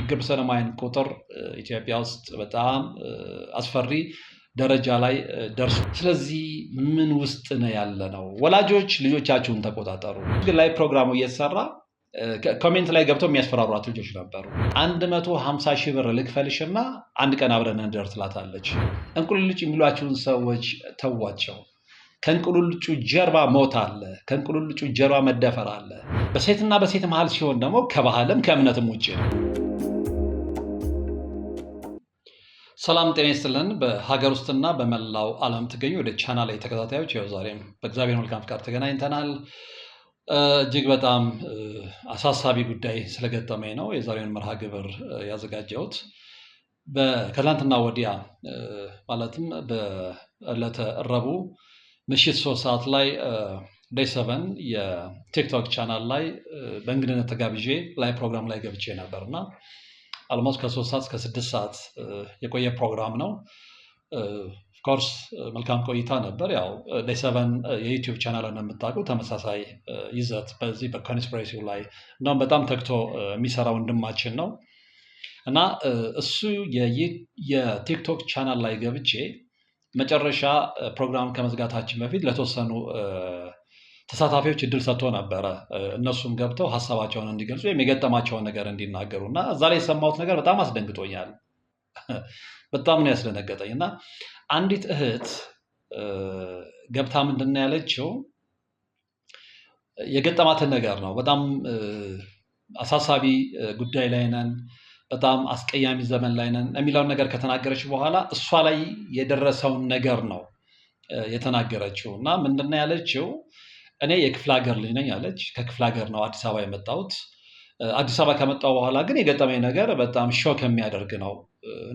የግብ ሰዶማውያን ቁጥር ኢትዮጵያ ውስጥ በጣም አስፈሪ ደረጃ ላይ ደርሶ፣ ስለዚህ ምን ውስጥ ነው ያለ ነው? ወላጆች ልጆቻችሁን ተቆጣጠሩ ላይ ፕሮግራሙ እየተሰራ ኮሜንት ላይ ገብተው የሚያስፈራሯት ልጆች ነበሩ። አንድ መቶ ሀምሳ ሺህ ብር ልክፈልሽና አንድ ቀን አብረን እንደር ትላታለች። እንቁልልጭ የሚሏቸውን ሰዎች ተዋቸው። ከእንቁልልጩ ጀርባ ሞት አለ። ከእንቁልልጩ ጀርባ መደፈር አለ። በሴትና በሴት መሀል ሲሆን ደግሞ ከባህልም ከእምነትም ውጭ ነው። ሰላም ጤና ይስጥልን። በሀገር ውስጥና በመላው ዓለም ትገኙ ወደ ቻናል ላይ ተከታታዮች ያው ዛሬም በእግዚአብሔር መልካም ፍቃድ ተገናኝተናል። እጅግ በጣም አሳሳቢ ጉዳይ ስለገጠመኝ ነው የዛሬውን መርሃ ግብር ያዘጋጀሁት። ከትላንትና ወዲያ ማለትም በዕለተ ረቡዕ ምሽት ሶስት ሰዓት ላይ ዴይ ሰቨን የቲክቶክ ቻናል ላይ በእንግድነት ተጋብዤ ላይ ፕሮግራም ላይ ገብቼ ነበር እና አልሞስት ከሶስት ሰዓት እስከ ስድስት ሰዓት የቆየ ፕሮግራም ነው። ኦፍኮርስ መልካም ቆይታ ነበር። ያው ሌሰቨን የዩቲዩብ ቻናልን የምታውቁ ተመሳሳይ ይዘት በዚህ በኮንስፒሬሲው ላይ እንደውም በጣም ተግቶ የሚሰራ ወንድማችን ነው እና እሱ የቲክቶክ ቻናል ላይ ገብቼ መጨረሻ ፕሮግራም ከመዝጋታችን በፊት ለተወሰኑ ተሳታፊዎች እድል ሰጥቶ ነበረ። እነሱም ገብተው ሀሳባቸውን እንዲገልጹ ወይም የገጠማቸውን ነገር እንዲናገሩ እና እዛ ላይ የሰማሁት ነገር በጣም አስደንግጦኛል። በጣም ነው ያስደነገጠኝ። እና አንዲት እህት ገብታ ምንድን ነው ያለችው? የገጠማትን ነገር ነው። በጣም አሳሳቢ ጉዳይ ላይ ነን፣ በጣም አስቀያሚ ዘመን ላይ ነን የሚለውን ነገር ከተናገረች በኋላ እሷ ላይ የደረሰውን ነገር ነው የተናገረችው እና ምንድን ነው ያለችው እኔ የክፍለ ሀገር ልጅ ነኝ አለች። ከክፍለ ሀገር ነው አዲስ አበባ የመጣሁት። አዲስ አበባ ከመጣሁ በኋላ ግን የገጠመኝ ነገር በጣም ሾክ የሚያደርግ ነው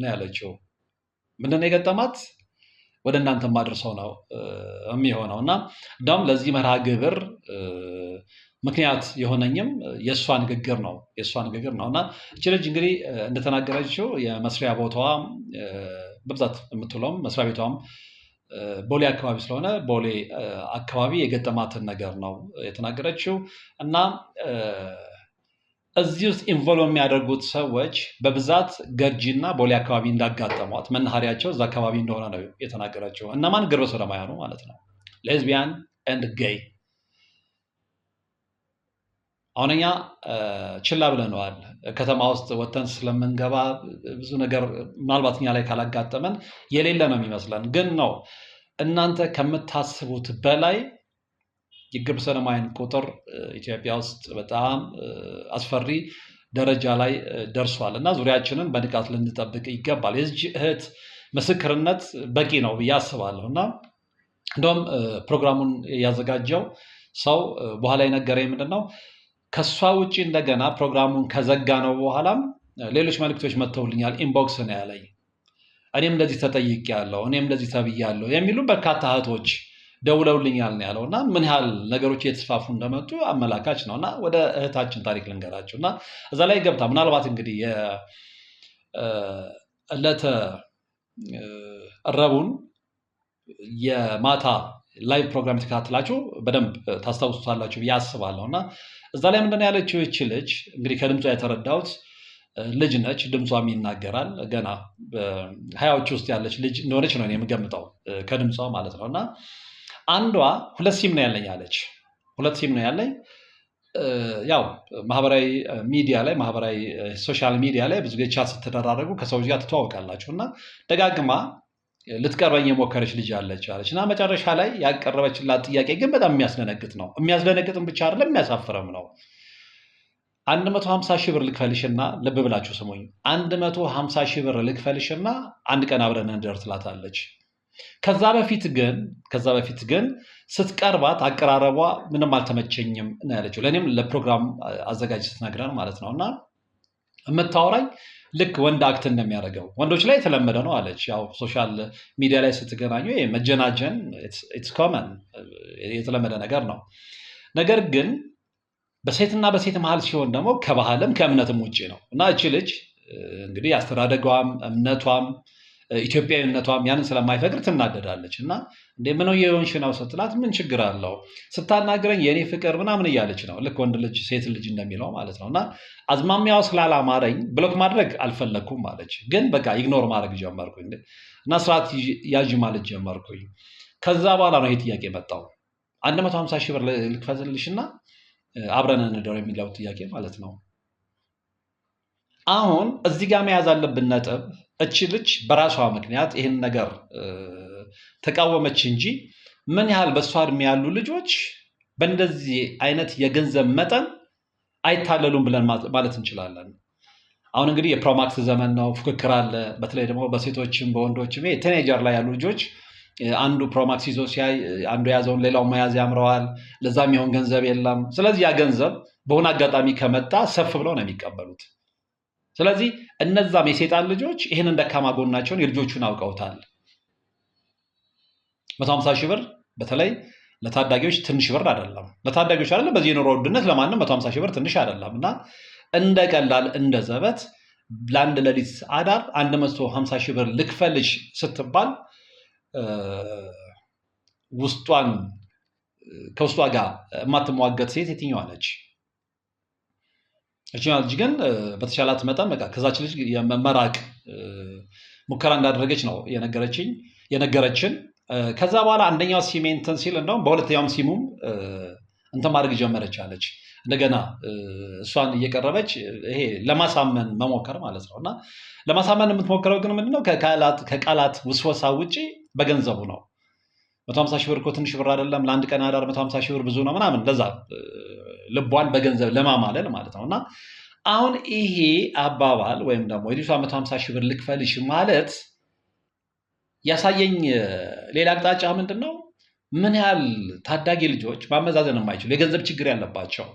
ነው ያለችው። ምንድን ነው የገጠማት? ወደ እናንተ ማድረሰው ነው የሚሆነው እና እንዳውም ለዚህ መርሃ ግብር ምክንያት የሆነኝም የእሷ ንግግር ነው የእሷ ንግግር ነው እና እች ልጅ እንግዲህ እንደተናገረችው የመስሪያ ቦታዋ በብዛት የምትውለውም መስሪያ ቤቷም ቦሌ አካባቢ ስለሆነ ቦሌ አካባቢ የገጠማትን ነገር ነው የተናገረችው እና እዚህ ውስጥ ኢንቮልቭ የሚያደርጉት ሰዎች በብዛት ገርጂ እና ቦሌ አካባቢ እንዳጋጠሟት መናኸሪያቸው እዛ አካባቢ እንደሆነ ነው የተናገረችው። እነማን ግብረ ሰዶማውያኑ ማለት ነው ሌዝቢያን ኤንድ ጌይ አሁን እኛ ችላ ብለነዋል። ከተማ ውስጥ ወተን ስለምንገባ ብዙ ነገር ምናልባት እኛ ላይ ካላጋጠመን የሌለ ነው የሚመስለን። ግን ነው እናንተ ከምታስቡት በላይ የግብረ ሰዶማውያን ቁጥር ኢትዮጵያ ውስጥ በጣም አስፈሪ ደረጃ ላይ ደርሷል እና ዙሪያችንን በንቃት ልንጠብቅ ይገባል። የዚህ እህት ምስክርነት በቂ ነው ብዬ አስባለሁ እና እንደውም ፕሮግራሙን ያዘጋጀው ሰው በኋላ የነገረ ምንድን ነው ከእሷ ውጭ እንደገና ፕሮግራሙን ከዘጋ ነው በኋላም ሌሎች መልክቶች መጥተውልኛል። ኢንቦክስ ነው ያለኝ። እኔም እንደዚህ ያለው እኔም እንደዚህ ተብያለሁ የሚሉ በርካታ እህቶች ደውለውልኛል ነው ያለው። እና ምን ያህል ነገሮች እየተስፋፉ እንደመጡ አመላካች ነው። እና ወደ እህታችን ታሪክ ልንገራችሁ እና እዛ ላይ ገብታ ምናልባት እንግዲህ ዕለተ ረቡን የማታ ላይቭ ፕሮግራም የተከታተላችሁ በደንብ ታስታውሱታላችሁ ብዬ አስባለሁ እና እዛ ላይ ምንድን ያለች ያለችው? ልጅ እንግዲህ ከድምጿ የተረዳሁት ልጅ ነች። ድምጿም ይናገራል። ገና ሀያዎች ውስጥ ያለች ልጅ እንደሆነች ነው የምገምጠው ከድምጿ ማለት ነው። እና አንዷ ሁለት ሲም ነው ያለኝ አለች። ሁለት ሲም ነው ያለኝ። ያው ማህበራዊ ሚዲያ ላይ ማህበራዊ ሶሻል ሚዲያ ላይ ብዙ ጊዜ ቻት ስትደራረጉ ከሰዎች ጋር ትተዋወቃላችሁ እና ደጋግማ ልትቀርበኝ የሞከረች ልጅ አለች አለች እና መጨረሻ ላይ ያቀረበችላት ጥያቄ ግን በጣም የሚያስደነግጥ ነው። የሚያስደነግጥም ብቻ አይደለም የሚያሳፍረም ነው። 150 ሺህ ብር ልክፈልሽና ልብ ብላችሁ ስሙኝ፣ 150 ሺህ ብር ልክፈልሽና አንድ ቀን አብረን እንደር ትላታለች። ከዛ በፊት ግን ከዛ በፊት ግን ስትቀርባት አቀራረቧ ምንም አልተመቸኝም ነው ያለችው። ለእኔም ለፕሮግራም አዘጋጅ ስትነግረን ማለት ነው እና የምታወራኝ ልክ ወንድ አክት እንደሚያደርገው ወንዶች ላይ የተለመደ ነው አለች። ያው ሶሻል ሚዲያ ላይ ስትገናኙ መጀናጀን ኢትስ ኮመን የተለመደ ነገር ነው። ነገር ግን በሴትና በሴት መሀል ሲሆን ደግሞ ከባህልም ከእምነትም ውጭ ነው እና እቺ ልጅ እንግዲህ አስተዳደጓም እምነቷም ኢትዮጵያዊነቷም ያንን ስለማይፈቅድ ትናደዳለች እና እንደ ምነው የሆንሽ ነው ስትላት ምን ችግር አለው ስታናግረኝ የእኔ ፍቅር ምናምን እያለች ነው። ልክ ወንድ ልጅ ሴት ልጅ እንደሚለው ማለት ነው እና አዝማሚያው ስላላማረኝ ብሎክ ማድረግ አልፈለግኩም አለች። ግን በቃ ኢግኖር ማድረግ ጀመርኩኝ እና ስርዓት ያዥ ማለት ጀመርኩኝ። ከዛ በኋላ ነው ይሄ ጥያቄ መጣው። 150 ሺህ ብር ልክፈልልሽ እና አብረን እንደው የሚለው ጥያቄ ማለት ነው። አሁን እዚህ ጋር መያዝ አለብን ነጥብ እቺ ልጅ በራሷ ምክንያት ይህን ነገር ተቃወመች እንጂ ምን ያህል በእሷ እድሜ ያሉ ልጆች በእንደዚህ አይነት የገንዘብ መጠን አይታለሉም ብለን ማለት እንችላለን። አሁን እንግዲህ የፕሮማክስ ዘመን ነው፣ ፉክክር አለ። በተለይ ደግሞ በሴቶችም በወንዶችም ቲኔጀር ላይ ያሉ ልጆች አንዱ ፕሮማክስ ይዞ ሲያይ አንዱ የያዘውን ሌላው መያዝ ያምረዋል። ለዛም የሆን ገንዘብ የለም። ስለዚህ ያ ገንዘብ በሆነ አጋጣሚ ከመጣ ሰፍ ብለው ነው የሚቀበሉት። ስለዚህ እነዛም የሴጣን ልጆች ይህንን ደካማ ጎናቸውን የልጆቹን አውቀውታል። መቶ ሀምሳ ሺህ ብር በተለይ ለታዳጊዎች ትንሽ ብር አይደለም። ለታዳጊዎች አይደለም፣ በዚህ የኑሮ ውድነት ለማንም መቶ ሀምሳ ሺህ ብር ትንሽ አይደለም እና እንደ ቀላል እንደ ዘበት ለአንድ ሌሊት አዳር አንድ መቶ ሀምሳ ሺህ ብር ልክፈልሽ ስትባል ውስጧን ከውስጧ ጋር የማትሟገት ሴት የትኛዋ ነች? እችኛዋ ልጅ ግን በተሻላት መጠን በቃ ከዛች ልጅ መራቅ ሙከራ እንዳደረገች ነው የነገረችኝ የነገረችን። ከዛ በኋላ አንደኛው ሲሜ እንትን ሲል እንደውም በሁለተኛውም ሲሙም እንትን ማድረግ ጀመረች አለች። እንደገና እሷን እየቀረበች ይሄ ለማሳመን መሞከር ማለት ነው። እና ለማሳመን የምትሞክረው ግን ምንድነው ከቃላት ውስወሳ ውጪ በገንዘቡ ነው። 150 ሺህ ብር እኮ ትንሽ ብር አይደለም፣ ለአንድ ቀን አዳር 150 ሺህ ብር ብዙ ነው ምናምን፣ ለዛ ልቧን በገንዘብ ለማማለል ማለት ነው። እና አሁን ይሄ አባባል ወይም ደግሞ የልጅቷ 150 ሺህ ብር ልክፈልሽ ማለት ያሳየኝ ሌላ አቅጣጫ ምንድን ነው? ምን ያህል ታዳጊ ልጆች ማመዛዘን የማይችሉ የገንዘብ ችግር ያለባቸው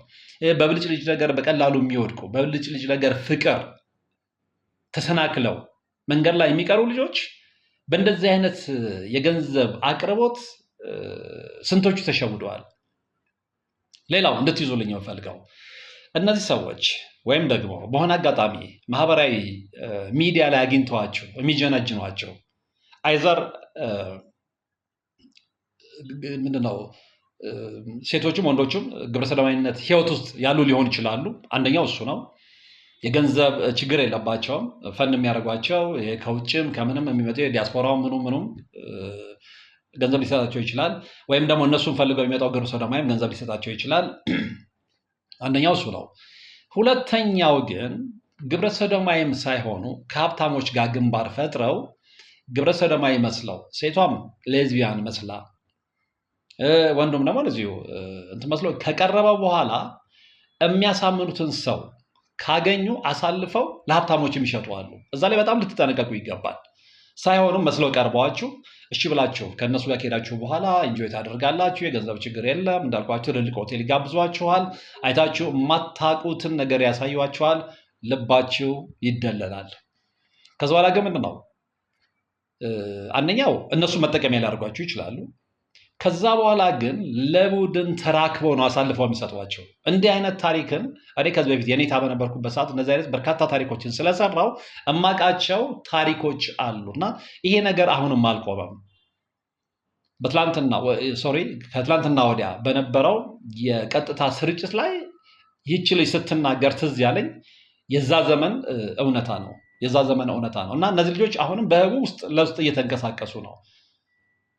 በብልጭ ልጅ ነገር በቀላሉ የሚወድቁ በብልጭ ልጅ ነገር ፍቅር ተሰናክለው መንገድ ላይ የሚቀሩ ልጆች በእንደዚህ አይነት የገንዘብ አቅርቦት ስንቶቹ ተሸውደዋል? ሌላው እንድትይዙልኝ የምፈልገው እነዚህ ሰዎች ወይም ደግሞ በሆነ አጋጣሚ ማህበራዊ ሚዲያ ላይ አግኝተዋቸው የሚጀነጅኗቸው አይዘር ምንድነው ሴቶችም ወንዶቹም ግብረሰዶማዊነት ህይወት ውስጥ ያሉ ሊሆን ይችላሉ። አንደኛው እሱ ነው። የገንዘብ ችግር የለባቸውም። ፈንድ የሚያደርጓቸው ከውጭም ከምንም የሚመጡ የዲያስፖራው ምኑ ምኑም ገንዘብ ሊሰጣቸው ይችላል። ወይም ደግሞ እነሱን ፈልገው የሚመጣው ግብረ ደማይም ገንዘብ ሊሰጣቸው ይችላል። አንደኛው እሱ ነው። ሁለተኛው ግን ግብረ ሰዶማዊም ሳይሆኑ ከሀብታሞች ጋር ግንባር ፈጥረው ግብረ ሰዶማዊ መስለው ሴቷም ሌዝቢያን መስላ ወንዱም ደግሞ እዚሁ እንትን መስሎ ከቀረበ በኋላ የሚያሳምኑትን ሰው ካገኙ አሳልፈው ለሀብታሞች የሚሸጡ አሉ። እዛ ላይ በጣም ልትጠነቀቁ ይገባል። ሳይሆኑም መስለው ቀርበዋችሁ እሺ ብላችሁ ከእነሱ ጋር ከሄዳችሁ በኋላ እንጆይ ታደርጋላችሁ። የገንዘብ ችግር የለም እንዳልኳችሁ፣ ትልልቅ ሆቴል ይጋብዟችኋል። አይታችሁ የማታውቁትን ነገር ያሳዩዋችኋል። ልባችሁ ይደለላል። ከዛ በኋላ ግን ምንድን ነው አንደኛው እነሱ መጠቀሚያ ሊያደርጓችሁ ይችላሉ። ከዛ በኋላ ግን ለቡድን ተራክበው ነው አሳልፈው የሚሰጧቸው። እንዲህ አይነት ታሪክን እኔ ከዚህ በፊት የኔታ በነበርኩበት ሰዓት እነዚህ አይነት በርካታ ታሪኮችን ስለሰራው እማቃቸው ታሪኮች አሉ እና ይሄ ነገር አሁንም አልቆመም። በትላንትና ሶሪ ከትላንትና ወዲያ በነበረው የቀጥታ ስርጭት ላይ ይህች ልጅ ስትናገር ትዝ ያለኝ የዛ ዘመን እውነታ ነው የዛ ዘመን እውነታ ነው እና እነዚህ ልጆች አሁንም በህቡ ውስጥ ለውስጥ እየተንቀሳቀሱ ነው።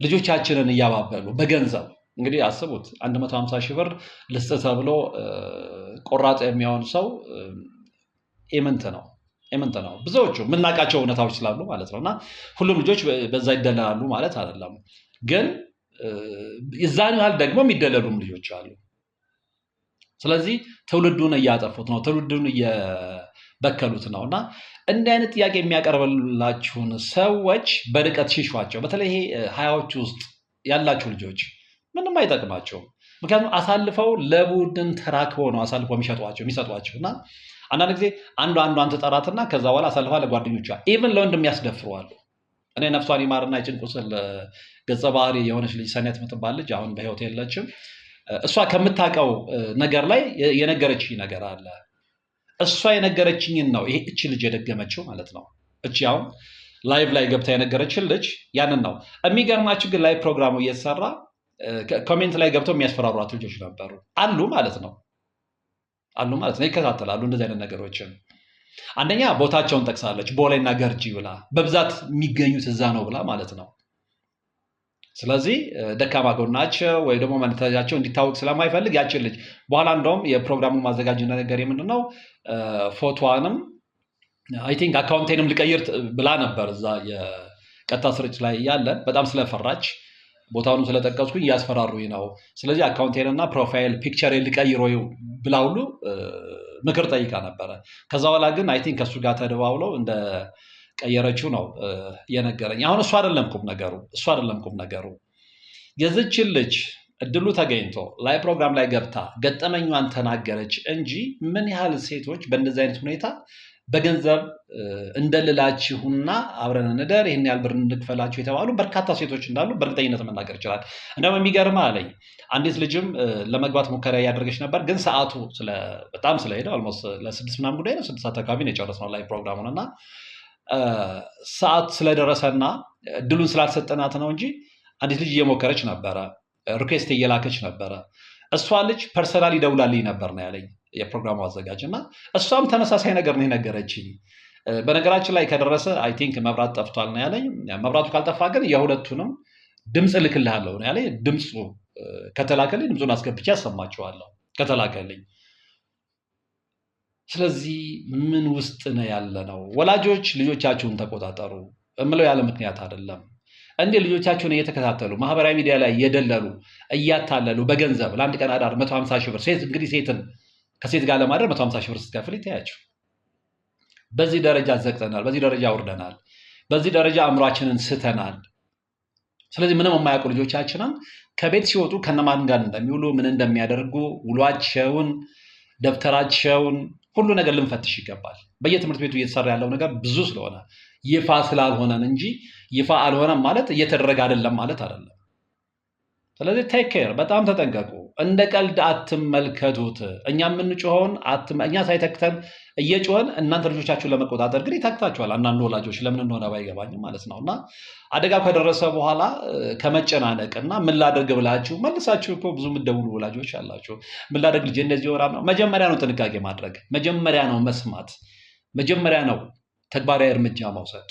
ልጆቻችንን እያባበሉ በገንዘብ እንግዲህ አስቡት 150 ሺህ ብር ልስጥ ተብሎ ቆራጥ የሚሆን ሰው ኤምንት ነው ኤምንት ነው። ብዙዎቹ የምናውቃቸው እውነታዎች ስላሉ ማለት ነው። እና ሁሉም ልጆች በዛ ይደለላሉ ማለት አይደለም። ግን የዛን ያህል ደግሞ የሚደለሉም ልጆች አሉ። ስለዚህ ትውልዱን እያጠፉት ነው። ትውልዱን በከሉት ነው እና እንዲህ አይነት ጥያቄ የሚያቀርብላችሁን ሰዎች በርቀት ሽሿቸው። በተለይ ሀያዎች ውስጥ ያላችሁ ልጆች ምንም አይጠቅማቸውም። ምክንያቱም አሳልፈው ለቡድን ተራክቦ ነው አሳልፈው የሚሸጧቸው የሚሰጧቸው እና አንዳንድ ጊዜ አንዱ አንዷን ጠራትና ከዛ በኋላ አሳልፋ ለጓደኞቿ ኢቨን ለወንድም ያስደፍረዋሉ። እኔ ነፍሷን ይማርና የጭን ቁስል ገጸ ባህሪ የሆነች ልጅ ሰኔት የምትባል ልጅ አሁን በህይወት የለችም። እሷ ከምታውቀው ነገር ላይ የነገረች ነገር አለ እሷ የነገረችኝን ነው እች ልጅ የደገመችው ማለት ነው። እች አሁን ላይቭ ላይ ገብታ የነገረችን ልጅ ያንን ነው። የሚገርማችሁ ግን ላይ ፕሮግራሙ እየተሰራ ኮሜንት ላይ ገብተው የሚያስፈራሯት ልጆች ነበሩ አሉ ማለት ነው አሉ ማለት ነው። ይከታተላሉ እንደዚህ አይነት ነገሮችን። አንደኛ ቦታቸውን ጠቅሳለች ቦሌና ገርጂ ብላ በብዛት የሚገኙት እዛ ነው ብላ ማለት ነው። ስለዚህ ደካማ ጎናቸው ወይ ደግሞ መነታቸው እንዲታወቅ ስለማይፈልግ ያችን ልጅ በኋላ እንደውም የፕሮግራሙ ማዘጋጅ ነገር ምንድን ፎቶዋንም አይ ቲንክ አካውንቴንም ልቀይር ብላ ነበር እዛ የቀጥታ ስርጭ ላይ እያለን በጣም ስለፈራች ቦታውንም ስለጠቀስኩኝ እያስፈራሩኝ ነው። ስለዚህ አካውንቴንና ፕሮፋይል ፒክቸር ልቀይሮ ብላ ሁሉ ምክር ጠይቃ ነበረ። ከዛ በኋላ ግን አይ ቲንክ ከእሱ ጋር ተደባብለው እንደ ቀየረችው ነው የነገረኝ። አሁን እሱ አይደለም ቁም ነገሩ፣ እሱ አይደለም ቁም ነገሩ። የዝችን ልጅ እድሉ ተገኝቶ ላይ ፕሮግራም ላይ ገብታ ገጠመኛዋን ተናገረች እንጂ ምን ያህል ሴቶች በእንደዚህ አይነት ሁኔታ በገንዘብ እንደልላችሁና አብረን እንደር ይህን ያህል ብር እንክፈላችሁ የተባሉ በርካታ ሴቶች እንዳሉ በእርግጠኝነት መናገር ይችላል። እንደውም የሚገርም አለኝ አንዲት ልጅም ለመግባት ሙከራ እያደረገች ነበር፣ ግን ሰዓቱ በጣም ስለሄደ ለስድስት ምናምን ጉዳይ ነው ስድስት አካባቢ ነው የጨረስነው ላይ ፕሮግራሙን እና ሰዓት ስለደረሰና እድሉን ስላልሰጠናት ነው እንጂ አንዲት ልጅ እየሞከረች ነበረ፣ ሪኩዌስት እየላከች ነበረ። እሷ ልጅ ፐርሰናል ይደውላልኝ ነበር ነው ያለኝ የፕሮግራሙ አዘጋጅ እና እሷም ተመሳሳይ ነገር ነው የነገረችኝ። በነገራችን ላይ ከደረሰ አይ ቲንክ መብራት ጠፍቷል ነው ያለኝ። መብራቱ ካልጠፋ ግን የሁለቱንም ድምፅ እልክልሃለሁ ነው ያለኝ። ድምፁ ከተላከልኝ ድምፁን አስገብቼ አሰማችኋለሁ ከተላከልኝ ስለዚህ ምን ውስጥ ነው ያለ ነው? ወላጆች ልጆቻችሁን ተቆጣጠሩ እምለው ያለ ምክንያት አይደለም። እንዲህ ልጆቻችሁን እየተከታተሉ ማህበራዊ ሚዲያ ላይ እየደለሉ እያታለሉ በገንዘብ ለአንድ ቀን አዳር 150 ሺህ ብር ሴት እንግዲህ ሴትን ከሴት ጋር ለማድረግ መቶ ሺህ ብር ስትከፍል ይታያችሁ። በዚህ ደረጃ ዘግተናል፣ በዚህ ደረጃ አውርደናል፣ በዚህ ደረጃ አእምሯችንን ስተናል። ስለዚህ ምንም የማያውቁ ልጆቻችንን ከቤት ሲወጡ ከነማን ጋር እንደሚውሉ ምን እንደሚያደርጉ ውሏቸውን፣ ደብተራቸውን ሁሉ ነገር ልንፈትሽ ይገባል። በየትምህርት ቤቱ እየተሰራ ያለው ነገር ብዙ ስለሆነ ይፋ ስላልሆነን እንጂ ይፋ አልሆነም ማለት እየተደረገ አይደለም ማለት አይደለም። ስለዚህ ቴክ ኬር፣ በጣም ተጠንቀቁ። እንደ ቀልድ አትመልከቱት። እኛ የምንጮኸውን እኛ ሳይተክተን እየጮኸን እናንተ ልጆቻችሁን ለመቆጣጠር ግን ይተክታችኋል። አንዳንድ ወላጆች ለምን እንደሆነ ባይገባኝም ማለት ነው። እና አደጋ ከደረሰ በኋላ ከመጨናነቅ እና ምን ላደርግ ብላችሁ መልሳችሁ እኮ ብዙ የምትደውሉ ወላጆች አላችሁ። ምን ላደርግ ልጄ እንደዚህ ወራ ነው። መጀመሪያ ነው ጥንቃቄ ማድረግ፣ መጀመሪያ ነው መስማት፣ መጀመሪያ ነው ተግባራዊ እርምጃ መውሰድ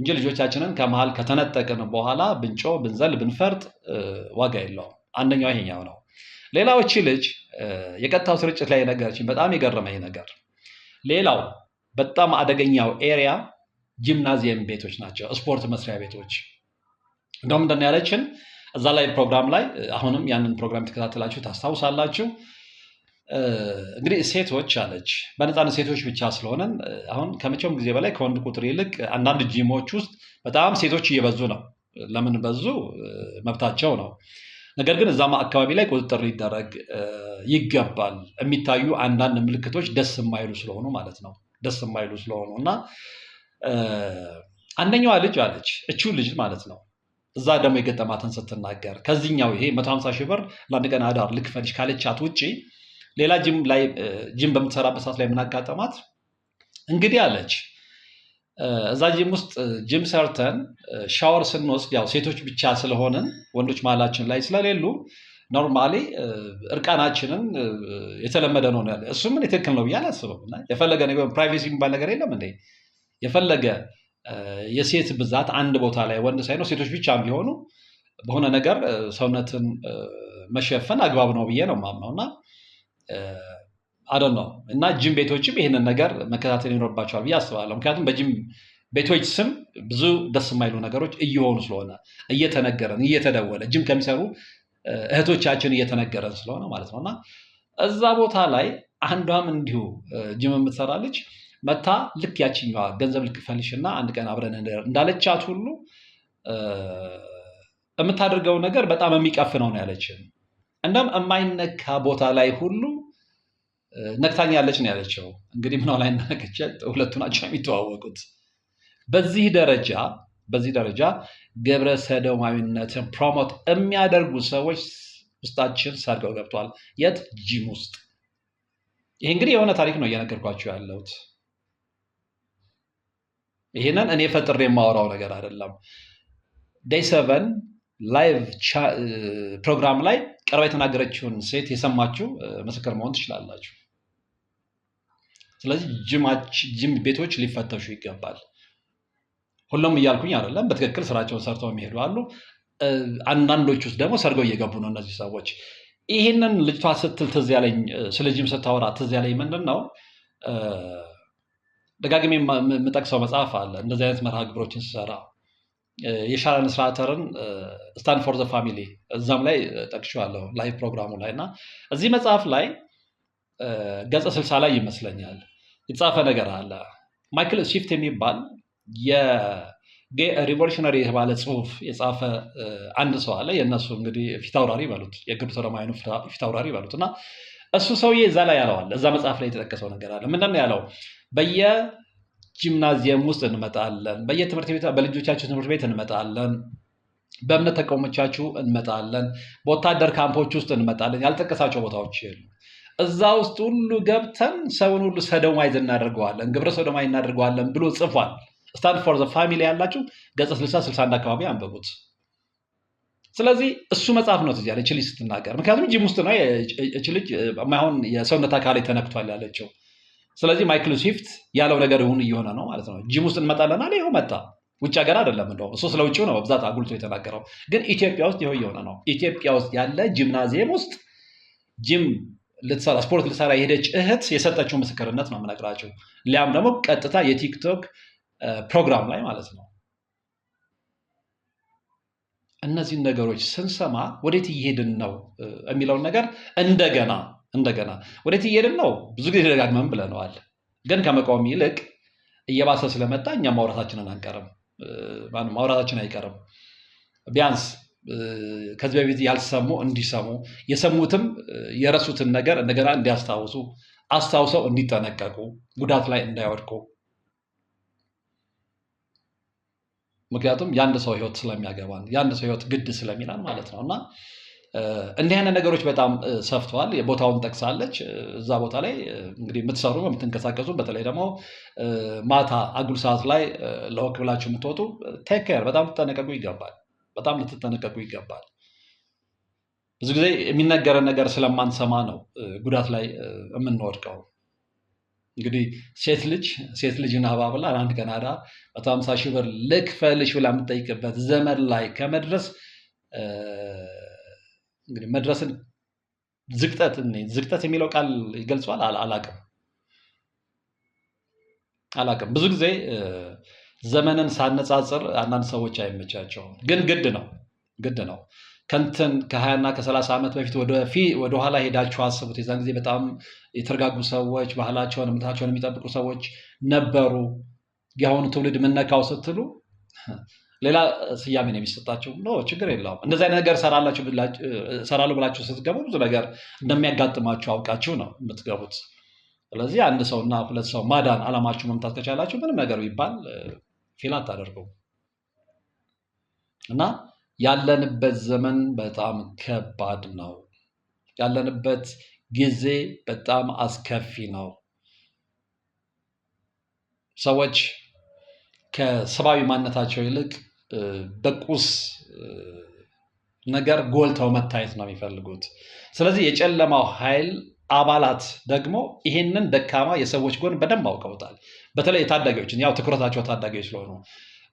እንጂ ልጆቻችንን ከመሀል ከተነጠቅን በኋላ ብንጮ ብንዘል ብንፈርጥ ዋጋ የለውም። አንደኛው ይሄኛው ነው። ሌላዎች ልጅ የቀጥታው ስርጭት ላይ የነገረችኝ በጣም የገረመኝ ነገር ሌላው በጣም አደገኛው ኤሪያ ጂምናዚየም ቤቶች ናቸው፣ ስፖርት መስሪያ ቤቶች። እንደውም እንደ ያለችን እዛ ላይ ፕሮግራም ላይ አሁንም ያንን ፕሮግራም ተከታተላችሁ ታስታውሳላችሁ። እንግዲህ ሴቶች አለች በነፃነት ሴቶች ብቻ ስለሆነን አሁን ከመቼውም ጊዜ በላይ ከወንድ ቁጥር ይልቅ አንዳንድ ጂሞች ውስጥ በጣም ሴቶች እየበዙ ነው። ለምን በዙ? መብታቸው ነው። ነገር ግን እዛም አካባቢ ላይ ቁጥጥር ሊደረግ ይገባል። የሚታዩ አንዳንድ ምልክቶች ደስ የማይሉ ስለሆኑ ማለት ነው። ደስ የማይሉ ስለሆኑ እና አንደኛዋ ልጅ አለች እችው ልጅ ማለት ነው እዛ ደግሞ የገጠማትን ስትናገር ከዚህኛው ይሄ መቶ ሀምሳ ሺህ ብር ለአንድ ቀን አዳር ልክፈልሽ ካለቻት ውጭ ሌላ ጅም ላይ ጅም በምትሰራበት ሰዓት ላይ የምናጋጠማት እንግዲህ አለች እዛ ጂም ውስጥ ጂም ሰርተን ሻወር ስንወስድ ያው ሴቶች ብቻ ስለሆንን ወንዶች መሀላችን ላይ ስለሌሉ ኖርማሊ እርቃናችንን የተለመደ ነው ያለ። እሱ ምን የትክክል ነው ብዬ አላስብም። እና የፈለገ ፕራይቬሲ የሚባል ነገር የለም እንዴ? የፈለገ የሴት ብዛት አንድ ቦታ ላይ ወንድ ሳይኖር ሴቶች ብቻ ቢሆኑ በሆነ ነገር ሰውነትን መሸፈን አግባብ ነው ብዬ ነው የማምነው እና አዶ ነው እና ጅም ቤቶችም ይህንን ነገር መከታተል ይኖርባቸዋል ብዬ አስባለሁ። ምክንያቱም በጅም ቤቶች ስም ብዙ ደስ የማይሉ ነገሮች እየሆኑ ስለሆነ እየተነገረን እየተደወለ ጅም ከሚሰሩ እህቶቻችን እየተነገረን ስለሆነ ማለት ነው እና እዛ ቦታ ላይ አንዷም እንዲሁ ጅም የምትሰራ ልጅ መታ ልክ ያችኛዋ ገንዘብ ልክፈልሽ እና አንድ ቀን አብረን እንዳለቻት ሁሉ የምታደርገው ነገር በጣም የሚቀፍ ነው ነው ያለችን። እንደም የማይነካ ቦታ ላይ ሁሉ ያለች ነው ያለችው። እንግዲህ ምናው ላይ እናነገች ሁለቱ ናቸው የሚተዋወቁት። በዚህ ደረጃ በዚህ ደረጃ ግብረ ሰዶማዊነትን ፕሮሞት የሚያደርጉ ሰዎች ውስጣችን ሰርገው ገብቷል። የት ጂም ውስጥ። ይህ እንግዲህ የሆነ ታሪክ ነው እየነገርኳቸው ያለሁት። ይህንን እኔ ፈጥር የማወራው ነገር አይደለም። ዴይ ሰቨን ላይቭ ፕሮግራም ላይ ቀርባ የተናገረችውን ሴት የሰማችሁ ምስክር መሆን ትችላላችሁ። ስለዚህ ጅም ቤቶች ሊፈተሹ ይገባል። ሁሉም እያልኩኝ አይደለም። በትክክል ስራቸውን ሰርተው የሚሄዱ አሉ። አንዳንዶች ውስጥ ደግሞ ሰርገው እየገቡ ነው እነዚህ ሰዎች። ይህንን ልጅቷ ስትል ትዝ ያለኝ ስለ ጅም ስታወራ ትዝ ያለኝ ምንድን ነው ደጋግሜ የምጠቅሰው መጽሐፍ አለ እንደዚህ አይነት መርሃ ግብሮችን ስሰራ የሻረን ስራተርን ስታንድ ፎር ዘ ፋሚሊ እዛም ላይ ጠቅሸዋለሁ ላይ ፕሮግራሙ ላይ እና እዚህ መጽሐፍ ላይ ገጸ ስልሳ ላይ ይመስለኛል የተጻፈ ነገር አለ። ማይክል ስዊፍት የሚባል የሪቮሉሽነሪ የተባለ ጽሁፍ የጻፈ አንድ ሰው አለ። የእነሱ እንግዲህ ፊታውራሪ በሉት የግብ ሰዶማውያኑ ፊታውራሪ በሉት እና እሱ ሰውዬ እዛ ላይ ያለዋል። እዛ መጽሐፍ ላይ የተጠቀሰው ነገር አለ። ምንድን ያለው? በየ ጂምናዚየም ውስጥ እንመጣለን። በየትምህርት ቤት በልጆቻችሁ ትምህርት ቤት እንመጣለን። በእምነት ተቃውሞቻችሁ እንመጣለን። በወታደር ካምፖች ውስጥ እንመጣለን። ያልጠቀሳቸው ቦታዎች የሉ። እዛ ውስጥ ሁሉ ገብተን ሰውን ሁሉ ሰዶማይዝ እናደርገዋለን፣ ግብረ ሰዶማዊ እናደርገዋለን ብሎ ጽፏል። ስታንድ ፎር ዘ ፋሚሊ ያላችሁ ገጽ ስልሳ ስልሳ አንድ አካባቢ አንብቡት። ስለዚህ እሱ መጽሐፍ ነው ትዝ ያለ ልጅ ስትናገር፣ ምክንያቱም ጂም ውስጥ ነው እች ልጅ የማይሆን የሰውነት አካል ተነክቷል ያለችው። ስለዚህ ማይክል ስዊፍት ያለው ነገር እውን እየሆነ ነው ማለት ነው። ጂም ውስጥ እንመጣለና ይኸው መጣ። ውጭ ሀገር አይደለም እንደውም እሱ ስለ ውጭው ነው በብዛት አጉልቶ የተናገረው፣ ግን ኢትዮጵያ ውስጥ ይኸው እየሆነ ነው። ኢትዮጵያ ውስጥ ያለ ጂምናዚየም ውስጥ ጂም ልትሰራ ስፖርት ልትሰራ የሄደች እህት የሰጠችው ምስክርነት ነው የምነግራቸው። ሊያም ደግሞ ቀጥታ የቲክቶክ ፕሮግራም ላይ ማለት ነው። እነዚህን ነገሮች ስንሰማ ወዴት እየሄድን ነው የሚለውን ነገር እንደገና እንደገና ወዴት እየሄድን ነው? ብዙ ጊዜ ደጋግመን ብለነዋል። ግን ከመቃወም ይልቅ እየባሰ ስለመጣ እኛ ማውራታችንን አንቀርም፣ ማውራታችን አይቀርም። ቢያንስ ከዚህ በፊት ያልሰሙ እንዲሰሙ፣ የሰሙትም የረሱትን ነገር እንደገና እንዲያስታውሱ፣ አስታውሰው እንዲጠነቀቁ፣ ጉዳት ላይ እንዳይወድቁ ምክንያቱም የአንድ ሰው ህይወት ስለሚያገባን የአንድ ሰው ህይወት ግድ ስለሚላን ማለት ነው እና እንዲህ አይነት ነገሮች በጣም ሰፍተዋል። የቦታውን ጠቅሳለች። እዛ ቦታ ላይ እንግዲህ የምትሰሩ የምትንቀሳቀሱ፣ በተለይ ደግሞ ማታ አጉል ሰዓት ላይ ለወክ ብላችሁ የምትወጡ ቴክ ኬር፣ በጣም ልትጠነቀቁ ይገባል። በጣም ልትጠነቀቁ ይገባል። ብዙ ጊዜ የሚነገረን ነገር ስለማንሰማ ነው ጉዳት ላይ የምንወድቀው። እንግዲህ ሴት ልጅ ሴት ልጅን አባብላ አንድ ካናዳ መቶ ሀምሳ ሺህ ብር ልክፈልሽ ብላ የምትጠይቅበት ዘመን ላይ ከመድረስ እንግዲህ መድረስን ዝቅጠት ዝቅጠት የሚለው ቃል ይገልጿል። አላቅም አላቅም ብዙ ጊዜ ዘመንን ሳነጻጽር አንዳንድ ሰዎች አይመቻቸውም፣ ግን ግድ ነው ግድ ነው። ከንትን ከሀያና ከሰላሳ ዓመት በፊት ወደኋላ ሄዳችሁ አስቡት። የዛን ጊዜ በጣም የተረጋጉ ሰዎች፣ ባህላቸውን እምነታቸውን የሚጠብቁ ሰዎች ነበሩ። የአሁኑ ትውልድ ምነካው ስትሉ ሌላ ስያሜ ነው የሚሰጣቸው። ችግር የለውም። እንደዚህ አይነት ነገር ሰራለሁ ብላችሁ ስትገቡ ብዙ ነገር እንደሚያጋጥማችሁ አውቃችሁ ነው የምትገቡት። ስለዚህ አንድ ሰው እና ሁለት ሰው ማዳን አላማችሁ መምታት ከቻላችሁ ምንም ነገር ቢባል ፊል አታደርጉም እና ያለንበት ዘመን በጣም ከባድ ነው። ያለንበት ጊዜ በጣም አስከፊ ነው። ሰዎች ከሰብአዊ ማንነታቸው ይልቅ በቁስ ነገር ጎልተው መታየት ነው የሚፈልጉት። ስለዚህ የጨለማው ኃይል አባላት ደግሞ ይሄንን ደካማ የሰዎች ጎን በደንብ አውቀውታል። በተለይ የታዳጊዎችን ያው ትኩረታቸው ታዳጊዎች ስለሆኑ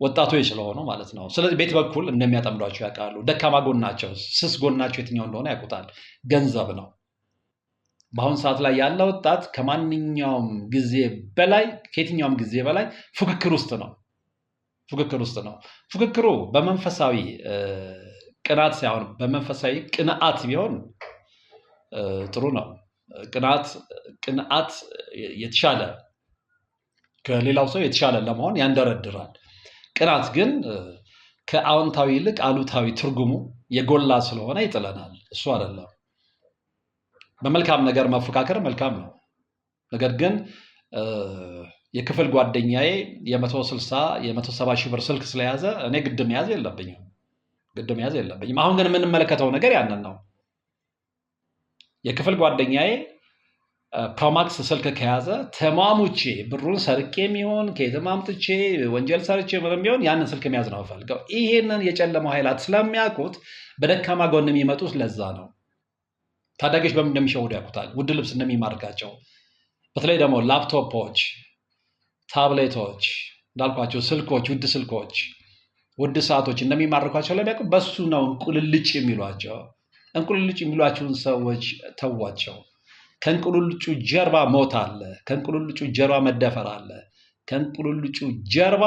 ወጣቶች ስለሆኑ ማለት ነው። ስለዚህ ቤት በኩል እንደሚያጠምዷቸው ያውቃሉ። ደካማ ጎናቸው፣ ስስ ጎናቸው የትኛው እንደሆነ ያውቁታል። ገንዘብ ነው። በአሁኑ ሰዓት ላይ ያለ ወጣት ከማንኛውም ጊዜ በላይ ከየትኛውም ጊዜ በላይ ፉክክር ውስጥ ነው። ፉክክር ውስጥ ነው። ፉክክሩ በመንፈሳዊ ቅናት ሳይሆን በመንፈሳዊ ቅንዓት ቢሆን ጥሩ ነው። ቅንዓት ቅንዓት የተሻለ ከሌላው ሰው የተሻለ ለመሆን ያንደረድራል። ቅናት ግን ከአዎንታዊ ይልቅ አሉታዊ ትርጉሙ የጎላ ስለሆነ ይጥለናል። እሱ አይደለም። በመልካም ነገር መፎካከር መልካም ነው። ነገር ግን የክፍል ጓደኛዬ የመቶ ስልሳ የመቶ ሰባ ሺህ ብር ስልክ ስለያዘ እኔ ግድ መያዝ የለብኝም ግድ መያዝ የለብኝም። አሁን ግን የምንመለከተው ነገር ያንን ነው። የክፍል ጓደኛዬ ፕሮማክስ ስልክ ከያዘ ተማሙቼ ብሩን ሰርቄ የሚሆን ከየትም አምጥቼ ወንጀል ሰርቼ ምንም የሚሆን ያንን ስልክ መያዝ ነው ፈልገው። ይሄንን የጨለመው ኃይላት ስለሚያውቁት በደካማ ጎን የሚመጡት ለዛ ነው። ታዳጊዎች በምን እንደሚሸውዱ ያውቁታል። ውድ ልብስ እንደሚማርካቸው በተለይ ደግሞ ላፕቶፖች ታብሌቶች እንዳልኳቸው ስልኮች፣ ውድ ስልኮች፣ ውድ ሰዓቶች እንደሚማርኳቸው ለሚያውቁ በሱ ነው እንቁልልጭ የሚሏቸው። እንቁልልጭ የሚሏቸውን ሰዎች ተዋቸው። ከእንቁልልጩ ጀርባ ሞት አለ። ከእንቁልልጩ ጀርባ መደፈር አለ። ከእንቁልልጩ ጀርባ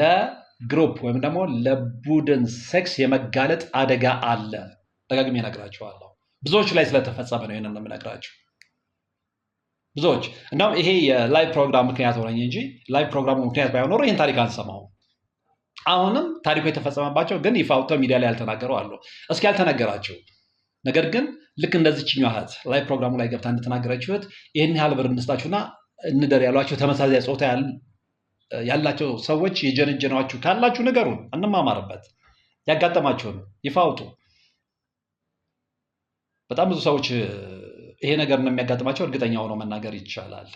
ለግሩፕ ወይም ደግሞ ለቡድን ሴክስ የመጋለጥ አደጋ አለ። ደጋግሜ እነግራችኋለሁ። ብዙዎች ላይ ስለተፈጸመ ነው ይህንን የምነግራችሁ። ብዙዎች እናም ይሄ የላይቭ ፕሮግራም ምክንያት ሆነኝ እንጂ ላይቭ ፕሮግራሙ ምክንያት ባይሆን ይህን ታሪክ አንሰማውም። አሁንም ታሪኩ የተፈጸመባቸው ግን ይፋ ሚዲያ ላይ ያልተናገሩ አሉ። እስኪ ያልተነገራቸው ነገር ግን ልክ እንደዚችኛዋ እህት ላይ ፕሮግራሙ ላይ ገብታ እንደተናገረችሁት ይህን ያህል ብር እንስጣችሁና እንደር ያሏቸው ተመሳሳይ ጾታ ያላቸው ሰዎች የጀነጀናችሁ ካላችሁ ንገሩን፣ እንማማርበት። ያጋጠማችሁን ይፋ አውጡ። በጣም ብዙ ሰዎች ይሄ ነገር እንደሚያጋጥማቸው እርግጠኛ ሆኖ መናገር ይቻላል።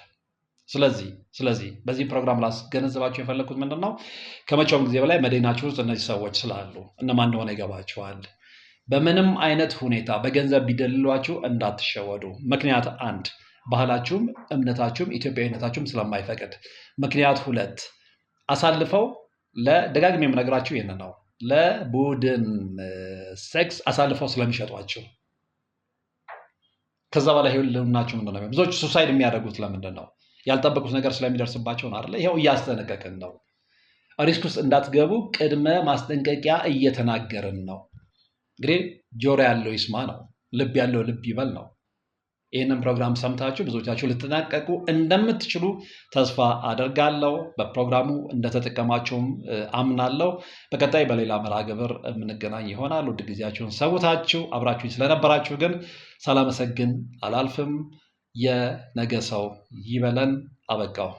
ስለዚህ ስለዚህ በዚህ ፕሮግራም ላስገነዘባቸው የፈለግኩት ምንድን ነው፣ ከመቼውም ጊዜ በላይ መዲናችሁ ውስጥ እነዚህ ሰዎች ስላሉ እነማን እንደሆነ ይገባቸዋል። በምንም አይነት ሁኔታ በገንዘብ ቢደልሏችሁ እንዳትሸወዱ። ምክንያት አንድ ባህላችሁም እምነታችሁም ኢትዮጵያዊነታችሁም ስለማይፈቅድ። ምክንያት ሁለት አሳልፈው ለደጋግሜ የምነግራችሁ ይህን ነው፣ ለቡድን ሴክስ አሳልፈው ስለሚሸጧችሁ ከዛ በላይ ህልውናቸው ምንድን ነው? ብዙዎች ሱሳይድ የሚያደርጉት ለምንድን ነው? ያልጠበቁት ነገር ስለሚደርስባቸው ነው አይደለ? ይኸው እያስጠነቀቅን ነው። ሪስክ ውስጥ እንዳትገቡ ቅድመ ማስጠንቀቂያ እየተናገርን ነው። እንግዲህ ጆሮ ያለው ይስማ ነው። ልብ ያለው ልብ ይበል ነው። ይህንን ፕሮግራም ሰምታችሁ ብዙዎቻችሁ ልትጠነቀቁ እንደምትችሉ ተስፋ አደርጋለሁ። በፕሮግራሙ እንደተጠቀማችሁም አምናለሁ። በቀጣይ በሌላ መርሃ ግብር የምንገናኝ ይሆናል። ውድ ጊዜያችሁን ሰውታችሁ አብራችሁኝ ስለነበራችሁ ግን ሳላመሰግን አላልፍም። የነገ ሰው ይበለን። አበቃው።